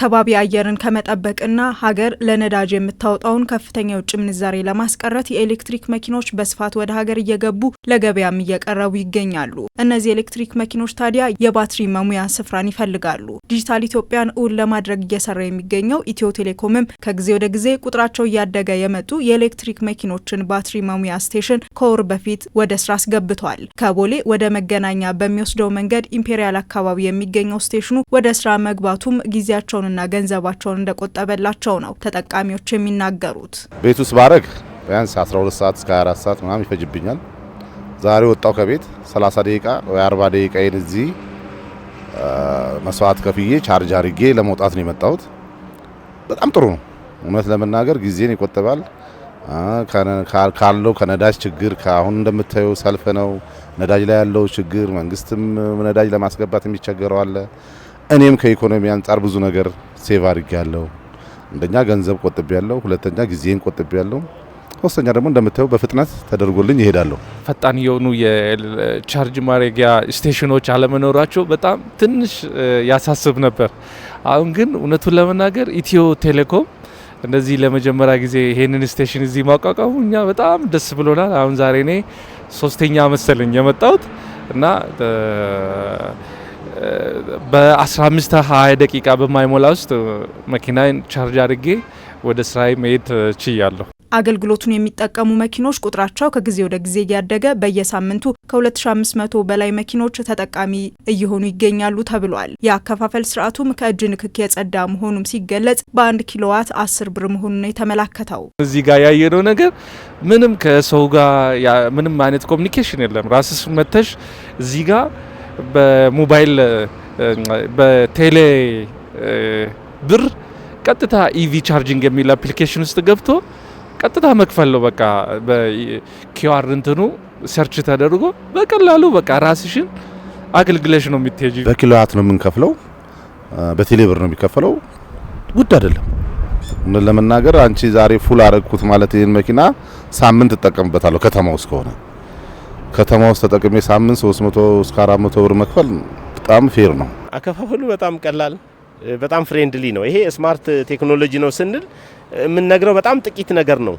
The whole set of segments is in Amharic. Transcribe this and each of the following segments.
የአካባቢ አየርን ከመጠበቅና ሀገር ለነዳጅ የምታወጣውን ከፍተኛ የውጭ ምንዛሬ ለማስቀረት የኤሌክትሪክ መኪኖች በስፋት ወደ ሀገር እየገቡ ለገበያም እየቀረቡ ይገኛሉ። እነዚህ ኤሌክትሪክ መኪኖች ታዲያ የባትሪ መሙያ ስፍራን ይፈልጋሉ። ዲጂታል ኢትዮጵያን እውን ለማድረግ እየሰራ የሚገኘው ኢትዮ ቴሌኮምም ከጊዜ ወደ ጊዜ ቁጥራቸው እያደገ የመጡ የኤሌክትሪክ መኪኖችን ባትሪ መሙያ ስቴሽን ከወር በፊት ወደ ስራ አስገብቷል። ከቦሌ ወደ መገናኛ በሚወስደው መንገድ ኢምፔሪያል አካባቢ የሚገኘው ስቴሽኑ ወደ ስራ መግባቱም ጊዜያቸውን ጊዜያቸውንና ገንዘባቸውን እንደቆጠበላቸው ነው ተጠቃሚዎች የሚናገሩት። ቤት ውስጥ ባረግ ቢያንስ 12 ሰዓት እስከ 24 ሰዓት ምናምን ይፈጅብኛል። ዛሬ ወጣው ከቤት 30 ደቂቃ ወይ 40 ደቂቃ ይን እዚህ መስዋዕት ከፍዬ ቻርጅ አድርጌ ለመውጣት ነው የመጣሁት። በጣም ጥሩ ነው። እውነት ለመናገር ጊዜን ይቆጥባል። ካለው ከነዳጅ ችግር አሁን እንደምታየው ሰልፍ ነው ነዳጅ ላይ ያለው ችግር፣ መንግስትም ነዳጅ ለማስገባት የሚቸገረው አለ። እኔም ከኢኮኖሚ አንጻር ብዙ ነገር ሴቭ አድርጌ ያለው አንደኛ ገንዘብ ቆጥቤ ያለው፣ ሁለተኛ ጊዜን ቆጥቤ ያለው፣ ሶስተኛ ደግሞ እንደምታየው በፍጥነት ተደርጎልኝ ይሄዳለሁ። ፈጣን የሆኑ የቻርጅ ማድረጊያ ስቴሽኖች አለመኖራቸው በጣም ትንሽ ያሳስብ ነበር። አሁን ግን እውነቱን ለመናገር ኢትዮ ቴሌኮም እንደዚህ ለመጀመሪያ ጊዜ ይሄንን ስቴሽን እዚህ ማቋቋሙ እኛ በጣም ደስ ብሎናል። አሁን ዛሬ እኔ ሶስተኛ መሰለኝ የመጣሁት እና በ15 20 ደቂቃ በማይሞላ ውስጥ መኪናን ቻርጅ አድርጌ ወደ ስራዬ መሄድ ችያለሁ። አገልግሎቱን የሚጠቀሙ መኪኖች ቁጥራቸው ከጊዜ ወደ ጊዜ እያደገ በየሳምንቱ ከ2500 በላይ መኪኖች ተጠቃሚ እየሆኑ ይገኛሉ ተብሏል። የአከፋፈል ስርዓቱም ከእጅ ንክክ የጸዳ መሆኑም ሲገለጽ በአንድ ኪሎዋት 10 ብር መሆኑን የተመላከተው እዚህ ጋር ያየነው ነገር ምንም ከሰው ጋር ምንም አይነት ኮሚኒኬሽን የለም። ራስስ መተሽ እዚህ ጋር በሞባይል በቴሌ ብር ቀጥታ ኢቪ e ቻርጅንግ የሚል አፕሊኬሽን ውስጥ ገብቶ ቀጥታ መክፈል ነው። በቃ በኪዋር እንትኑ ሰርች ተደርጎ በቀላሉ በቃ ራስሽን አገልግለሽ ነው የምትሄጂ። በኪሎዋት ነው የምንከፍለው፣ በቴሌ ብር ነው የሚከፈለው። ውድ አይደለም። ለመናገር አንቺ ዛሬ ፉል አረግኩት ማለት ይህን መኪና ሳምንት እጠቀምበታለሁ ከተማ ውስጥ ከሆነ ከተማ ውስጥ ተጠቅሜ ሳምንት 300 እስከ 400 ብር መክፈል በጣም ፌር ነው። አከፋፈሉ በጣም ቀላል፣ በጣም ፍሬንድሊ ነው። ይሄ ስማርት ቴክኖሎጂ ነው ስንል የምንነግረው በጣም ጥቂት ነገር ነው።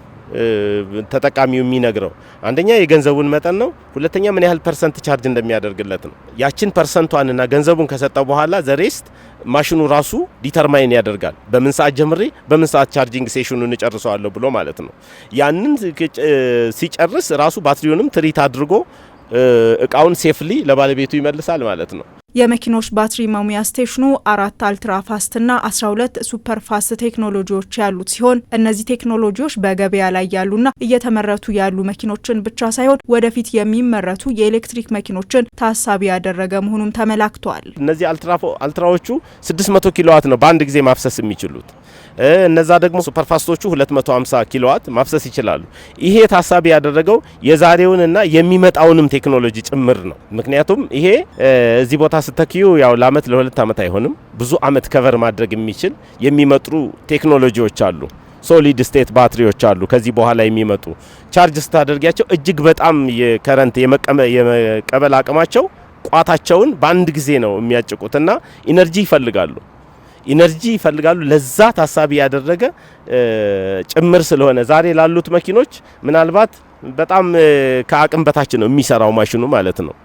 ተጠቃሚው የሚነግረው አንደኛ የገንዘቡን መጠን ነው። ሁለተኛ ምን ያህል ፐርሰንት ቻርጅ እንደሚያደርግለት ነው። ያችን ፐርሰንቷንና ገንዘቡን ከሰጠው በኋላ ዘሬስት ማሽኑ ራሱ ዲተርማይን ያደርጋል። በምን ሰዓት ጀምሬ በምን ሰዓት ቻርጂንግ ሴሽኑን እንጨርሰዋለሁ ብሎ ማለት ነው። ያንን ሲጨርስ ራሱ ባትሪውንም ትሪት አድርጎ እቃውን ሴፍሊ ለባለቤቱ ይመልሳል ማለት ነው። የመኪኖች ባትሪ መሙያ ስቴሽኑ አራት አልትራ ፋስት ና አስራ ሁለት ሱፐር ፋስት ቴክኖሎጂዎች ያሉት ሲሆን እነዚህ ቴክኖሎጂዎች በገበያ ላይ ያሉና እየተመረቱ ያሉ መኪኖችን ብቻ ሳይሆን ወደፊት የሚመረቱ የኤሌክትሪክ መኪኖችን ታሳቢ ያደረገ መሆኑም ተመላክቷል። እነዚህ አልትራዎቹ ስድስት መቶ ኪሎዋት ነው በአንድ ጊዜ ማፍሰስ የሚችሉት እነዛ ደግሞ ፋስቶቹ 250 ኪሎዋት ማፍሰስ ይችላሉ። ይሄ ታሳቢ ያደረገው የዛሬውንና የሚመጣውንም ቴክኖሎጂ ጭምር ነው። ምክንያቱም ይሄ እዚህ ቦታ ስተኪዩ ያው ለአመት ለሁለት አመት አይሆንም፣ ብዙ አመት ከቨር ማድረግ የሚችል የሚመጡ ቴክኖሎጂዎች አሉ። ሶሊድ ስቴት ባትሪዎች አሉ። ከዚህ በኋላ የሚመጡ ቻርጅ ስታደርጊያቸው እጅግ በጣም የከረንት የመቀበል አቅማቸው ቋታቸውን በአንድ ጊዜ ነው የሚያጭቁትና ኢነርጂ ይፈልጋሉ። ኢነርጂ ይፈልጋሉ። ለዛ ታሳቢ ያደረገ ጭምር ስለሆነ ዛሬ ላሉት መኪኖች ምናልባት በጣም ከአቅም በታች ነው የሚሰራው ማሽኑ ማለት ነው።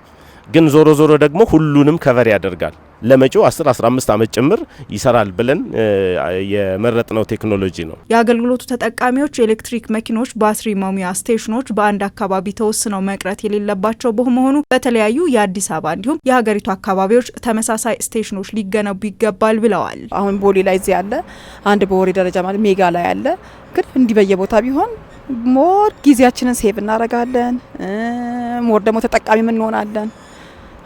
ግን ዞሮ ዞሮ ደግሞ ሁሉንም ከቨር ያደርጋል። ለመጪው 10 15 ዓመት ጭምር ይሰራል ብለን የመረጥነው ቴክኖሎጂ ነው። የአገልግሎቱ ተጠቃሚዎች የኤሌክትሪክ መኪኖች ባትሪ መሙያ ስቴሽኖች በአንድ አካባቢ ተወስነው መቅረት የሌለባቸው በመሆኑ በተለያዩ የአዲስ አበባ እንዲሁም የሀገሪቱ አካባቢዎች ተመሳሳይ ስቴሽኖች ሊገነቡ ይገባል ብለዋል። አሁን ቦሌ ላይ እዚህ ያለ አንድ በወሬ ደረጃ ማለት ሜጋ ላይ ያለ ግን እንዲህ በየቦታ ቢሆን ሞር ጊዜያችንን ሴቭ እናደርጋለን፣ ሞር ደግሞ ተጠቃሚ እንሆናለን።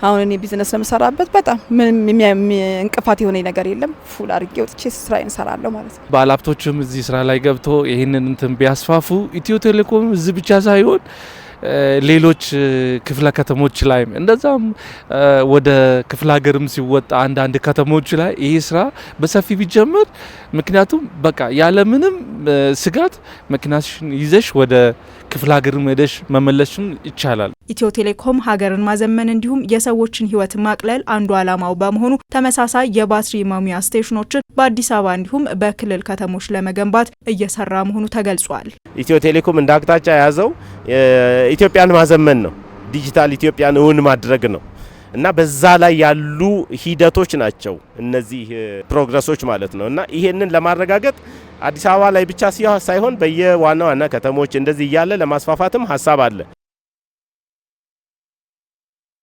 አሁን እኔ ቢዝነስ ለምሰራበት በጣም ምንም እንቅፋት የሆነ ነገር የለም። ፉል አድርጌ ወጥቼ ስራ እንሰራለሁ ማለት ነው። ባለሀብቶችም እዚህ ስራ ላይ ገብቶ ይህንን እንትን ቢያስፋፉ ኢትዮ ቴሌኮም እዚህ ብቻ ሳይሆን ሌሎች ክፍለ ከተሞች ላይም እንደዛም ወደ ክፍለ ሀገርም ሲወጣ አንዳንድ ከተሞች ላይ ይህ ስራ በሰፊ ቢጀመር፣ ምክንያቱም በቃ ያለምንም ስጋት መኪናሽን ይዘሽ ወደ ክፍለ ሀገርም ሄደሽ መመለስም ይቻላል። ኢትዮ ቴሌኮም ሀገርን ማዘመን እንዲሁም የሰዎችን ህይወት ማቅለል አንዱ ዓላማው በመሆኑ ተመሳሳይ የባትሪ ማሙያ ስቴሽኖችን በአዲስ አበባ እንዲሁም በክልል ከተሞች ለመገንባት እየሰራ መሆኑ ተገልጿል። ኢትዮ ቴሌኮም እንደ አቅጣጫ የያዘው ኢትዮጵያን ማዘመን ነው። ዲጂታል ኢትዮጵያን እውን ማድረግ ነው እና በዛ ላይ ያሉ ሂደቶች ናቸው እነዚህ ፕሮግረሶች ማለት ነው። እና ይሄንን ለማረጋገጥ አዲስ አበባ ላይ ብቻ ሳይሆን በየዋና ዋና ከተሞች እንደዚህ እያለ ለማስፋፋትም ሀሳብ አለ።